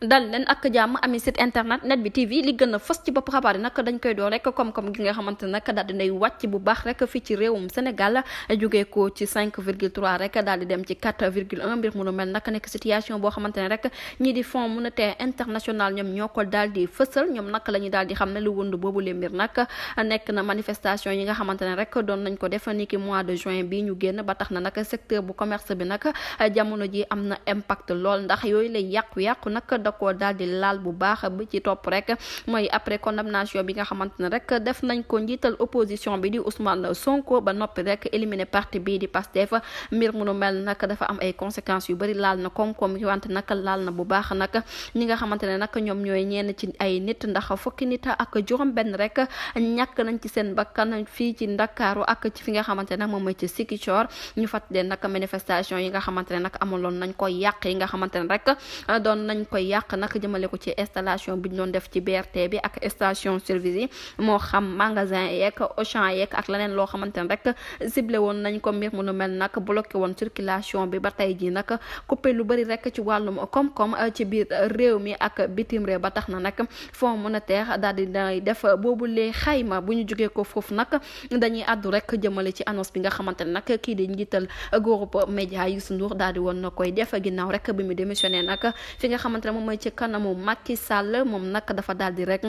dal leen ak jàmm ami site internet net bi tv li gën a fës ci bopp xabaar yi nag dañ koy door rek koom-koom nga xamante ne nag ko ci 5 virgule 3 rek daal di dem ci 4 virgule 1 mbir mu nu mel boo xamante ne rek ñii di fonds monétaire international ñoom ñoo ko daal di fësal ñoom nag la ñuy daal di xam ne lu wund boobu le mbir nag nekk na manifestation yi nga xamante ne rek doon nañ ko def ni mois de juin bi ñu génn ba tax na nag secteur bu commerce bi nag jamono ji am na impact lool ndax yooyu lay yàqu-yàqu nag da koo daal di bu baax bi ci topp rek mooy après condamnation bi nga xamante ne rek def nañ ko njiital opposition bi di Ousmane Sonko ba noppi rek éliminer parti bii di Pastef mbir mu nu mel nag dafa am ay conséquences yu bari laal na koom-koom yi wante nag laal na bu baax nag ñi nga xamante ne nag ñoom ñooy ñeen ci ay nit ndax fukki nit ak joxam benn rek ñàkk nañ ci seen bakkan fii ci Ndakaaru ak ci fi nga xamante ne moom mooy ci Sikicoor ñu fàttali nag manifestation yi nga xamante ne nag amaloon nañ koy yàq yi nga xamante ne rek doon nañ koy yàq nag jëmale ko ci installation bi ñu doon def ci BRT bi ak station service yi moo xam magasin yeeg Auchan yeeg ak leneen loo xamante ne rek ciblé woon nañ ko mbir mu nu mel nag bloqué woon circulation bi ba tey jii nag kuppe lu bari rek ci wàllum koom-koom ci biir réew mi ak bitim réew ba tax na nag fonds monétaire daal di nay def boobu lee xayma bu ñu jógee ko foofu nag dañuy àddu rek jëmale ci annonce bi nga xamante ne nag kii di njiital groupe média Youssou Ndour daal di woon na koy def ginnaaw rek mooy ci kanamu Macky Sall moom nag dafa daal di rek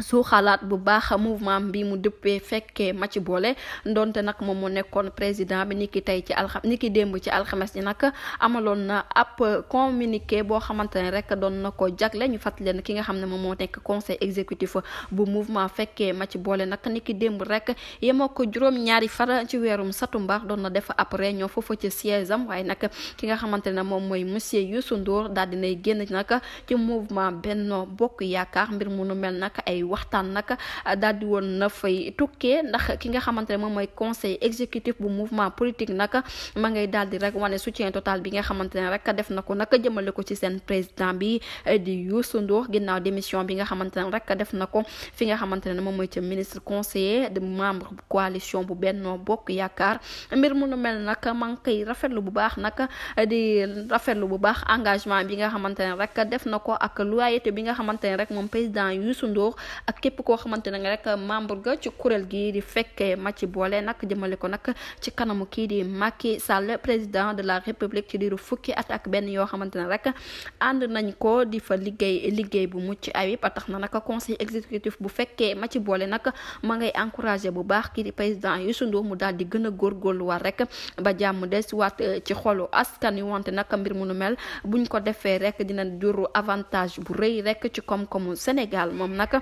su xalaat bu baax mouvement bi mu dëppee fekkee ma ci boole ndonte nag moom mu nekkoon président bi ni ki tey ci alxam ni ki démb ci alxames yi nag amaloon na ab communiqué boo xamante ne rek doon na ko jagle ñu fàttali leen ki nga xam ne moom moo nekk conseil exécutif bu mouvement fekkee ma ci boole nag ni ki démb rek yemoo ko juróom-ñaari fara ci weerum satumbar doon na def ab réunion foofu ci siège am waaye nag ki nga xamante ne moom mooy monsieur Youssou Ndour daal dinay génn nag ci mouvement Benno Bokk Yaakaar mbir mu nu mel nag ay ay waxtaan nag ah, daal di woon na fay tukkee ndax ki nga xamante ne moom mooy conseil exécutif bu mouvement politique nag ma ngay daal di rek wane soutien total bi nga xamante ne rek def na ko nag jëmale ko ci seen président bi eh, di Youssou Ndour ginnaaw démission bi nga xamante ne rek def na ko fi nga xamante ne moom mooy ca ministre conseiller de membre coalition bu Benno Bokk Yaakaar mbir mu nu mel nag maa ngi koy bu baax nag di rafetlu bu baax engagement bi nga xamante ne rek def na ko ak loyauté bi nga xamante rek moom président Youssou Ndour ak képp koo xamante ne rek membre ga ci kuréel gi di fekkee ma ci boole nag jëmale ko nag ci kanamu kii di Macky Sall président de la république ci diiru fukki at ak benn yoo xamante ne rek ànd nañ ko di fa liggéey liggéey bu mucc ayib tax na naka conseil exécutif bu fekkee ma ci boole nag ma ngay encouragé bu baax kii di président yu Ndour mu daal di gën a góorgóorluwaat rek ba jàmm des waat euh, ci xolu askan wi wante nag mbir mu nu mel buñ ko defee rek dina jur avantage bu rëy rek ci koom Sénégal moom nag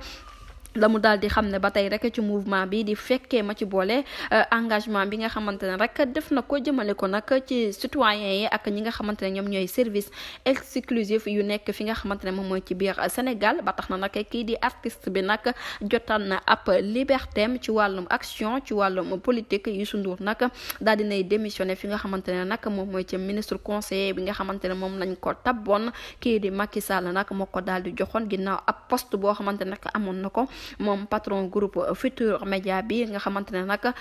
la mu daal di xam ne ba tey rek ci mouvement bi di fekkee ma ci boole euh, engagement bi nga xamante ne rek def na ko jëmale ko nag ci citoyens yi ak ñi nga xamante ne ñoom ñooy service exclusif yu nekk fi nga xamante ne moom mooy ci biir Sénégal ba tax na nag kii di artiste bi nag jotaan na ab libertéem ci wàllum action ci wàllum politique Youssou Ndour nag daal di nay démissionné fi nga xamante ne nag moom mooy ci ministre conseiller bi nga xamante ne moom lañ ko tabboon kii di Macky Sall nag moo ko daal di joxoon ginnaaw ab poste boo xamante ne nag amoon na ko. moom patron groupe Futur Média bi nga xamante ne nag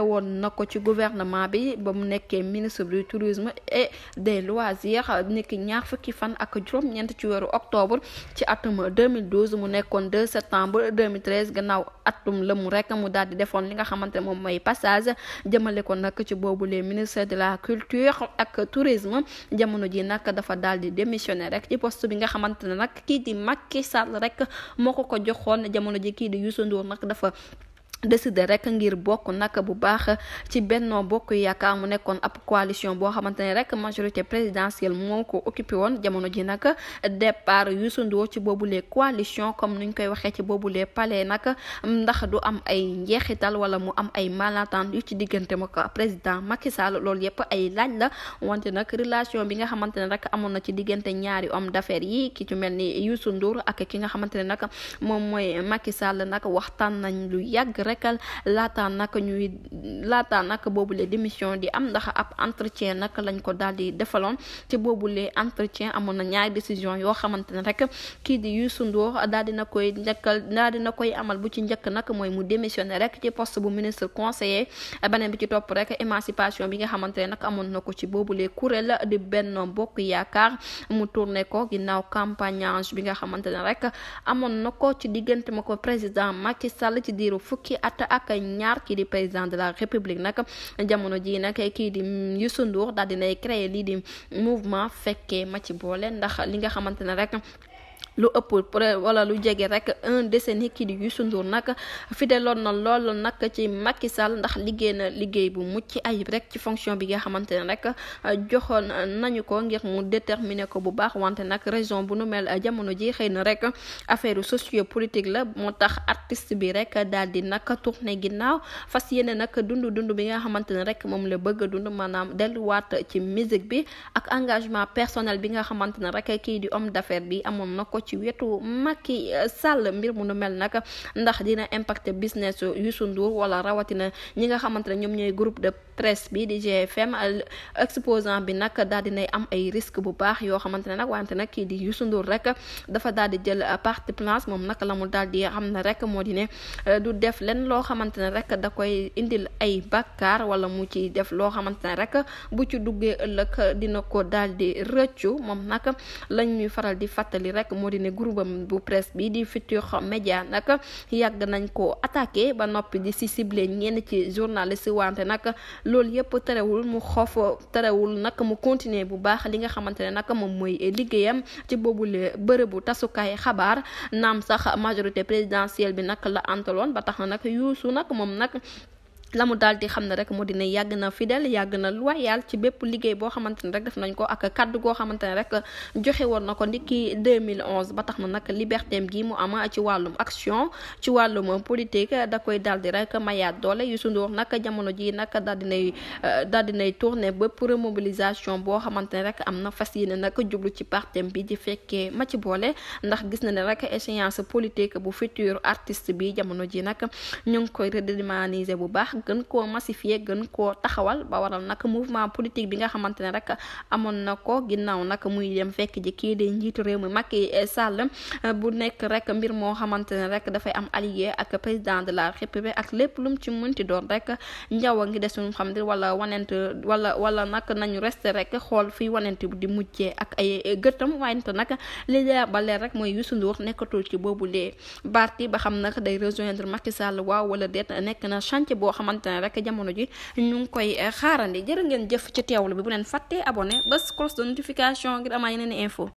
woon na ko ci gouvernement bi ba mu nekkee ministre du tourisme et des loisirs nekk ñaax fukki fan ak juróom-ñeent ci weeru octobre ci atum 2012 mu nekkoon 2 septembre 2013 gannaaw atum la mu rek mu daal di defoon li nga xamante ne moom mooy passage jëmale ko nag ci boobu les ministre de la culture ak tourisme jamono ji nag dafa daal di démissionné rek ci poste bi nga xamante ne nag kii di Macky Sall rek jamono ji kii di Youssou Ndour nag dafa décidé rek ngir bokk nag bu baax ci Benno Bokk Yaakaar mu nekkoon ab coalition boo xamante ne rek majorité présidentielle moo ko occupé woon jamono ji nag départ Youssou Ndour ci boobule coalition comme nuñ koy waxee ci boobule palais nag ndax du am ay njeexital wala mu am ay malentendu yu ci diggante mu président Macky Sall loolu yëpp ay laaj la wante nag relation bi nga xamante ne rek amoon na ci diggante ñaari homme d'affaires yi ki ci mel ni Youssou Ndour ak ki nga xamante ne nag moom mooy Macky Sall nag waxtaan nañ lu yàgg. rek laataa nag ñuy laataa nag boobu boobule démission di am ndax ab entretien nag lañ ko daal di defaloon ci boobule entretien amoon na ñaari décision yoo xamante ne rek kii di Youssou Ndour daal dina koy njëkkal daal dina koy amal bu ci njëkk nag mooy mu démissionné rek ci poste bu ministre conseiller beneen bi ci topp rek émancipation bi nga xamante ne nag amoon na ko ci boobule kuréel di Benno Bokk Yaakaar mu tourné ko ginnaaw campagnage bi nga xamante ne rek amoon na ko ci diggante ma ko président Macky Sall ci diiru fukki fukki at ak ñaar kii di président de la république nag jamono jii nag kii di Youssou Ndour daal dinay créer lii di mouvement fekkee ma ci boole ndax li nga xamante ne rek lu ëpp wala lu jege rek un décennie kii di Youssou Ndour nag fideloon na lool nag ci Macky Sall ndax liggéey na liggéey bu mucc ayib rek ci fonction bi nga xamante ne rek euh, joxoon nañu ko ngir mu déterminer ko bu baax wante nag raison bu nu jamono ji xëy na rek affaire socio politique la moo tax artiste bi rek daal di nag tourné ginnaaw fas yéene nag dund dund bi nga xamante ne rek moom la bëgg dund maanaam delluwaat ci musique bi ak engagement personnel bi nga xamante ne rek kii di homme d'affaires bi amoon na ci wetu Macky Sall mbir mu nu mel nag ndax dina impacter business Youssou Ndour wala rawatina ñi nga xamante ne ñoom ñooy groupe de presse bi di GFM exposant bi nag daal nay am ay risque bu baax yoo xamante ne nag wante nag kii di Youssou Ndour rek dafa daal di jël parti place moom nag la mu daal di xam na rek moo di ne euh, du def leen loo xamante ne rek da koy indil ay bakkaar wala mu ci def loo xamante ne rek bu ci duggee ëllëg dina ko daal di rëccu moom nag lañ faral di fàttali rek moo di ne groupe bu presse bii di Futurs Médias nag yàgg nañ ko attaqué ba noppi di si ciblé ñenn ci si wante nag loolu yëpp terewul mu xoof terewul nag mu continuer bu baax li nga xamante ne nag moom mooy liggéeyam ci boobule bërëbu tasukaay xabaar naam sax majorité présidentielle bi nag la antaloon ba tax na nag yuusu nag moom nag la mu daal di xam ne rek moo dina yàgg na fidèle yàgg na loyal ci bépp liggéey boo xamante ne rek def nañ ko ak kaddu goo xamante ne rek joxe woon na ko ndiki 2011 ba tax na nag libertéem gi mu am ci wàllum action ci wàllum politique da koy daal di rek mayaat doole Youssou Ndour nag jamono ji nag daal dinay euh, daal dinay tourné bépp remobilisation boo xamante ne rek am na fas ne nag jublu ci partem bi di fekkee ma ci boole ndax gis na ne rek échéance politique bu futur artiste bi jamono ji nag ñu ngi koy redynamiser bu baax gën koo massifier gën koo taxawal ba waral nag mouvement politique bi nga xamante ne rek amoon na ko ginnaaw nag muy dem fekk ji kii di njiitu réew mi Macky Sall bu nekk rek mbir moo xamante ne rek dafay am allié ak président la ak lépp lu mu ci mënti doon rek njaw a ngi des ñu xam ne wala wanent wala wala nag nañu resté rek xool fii wanent di mujjee ak ay gëttam wante nag li daa balee rek mooy Youssou Ndour nekkatul ci boobu lee parti ba xam nag day rejoindre Macky Sall waaw wala déet nekk na chantier boo xam xamante ne rek jamono ji ñu ngi koy eh, xaarandi jërë ngeen jëf ci teewlu bi bu leen fàttee abonné bés cloche de notification ngir amaa info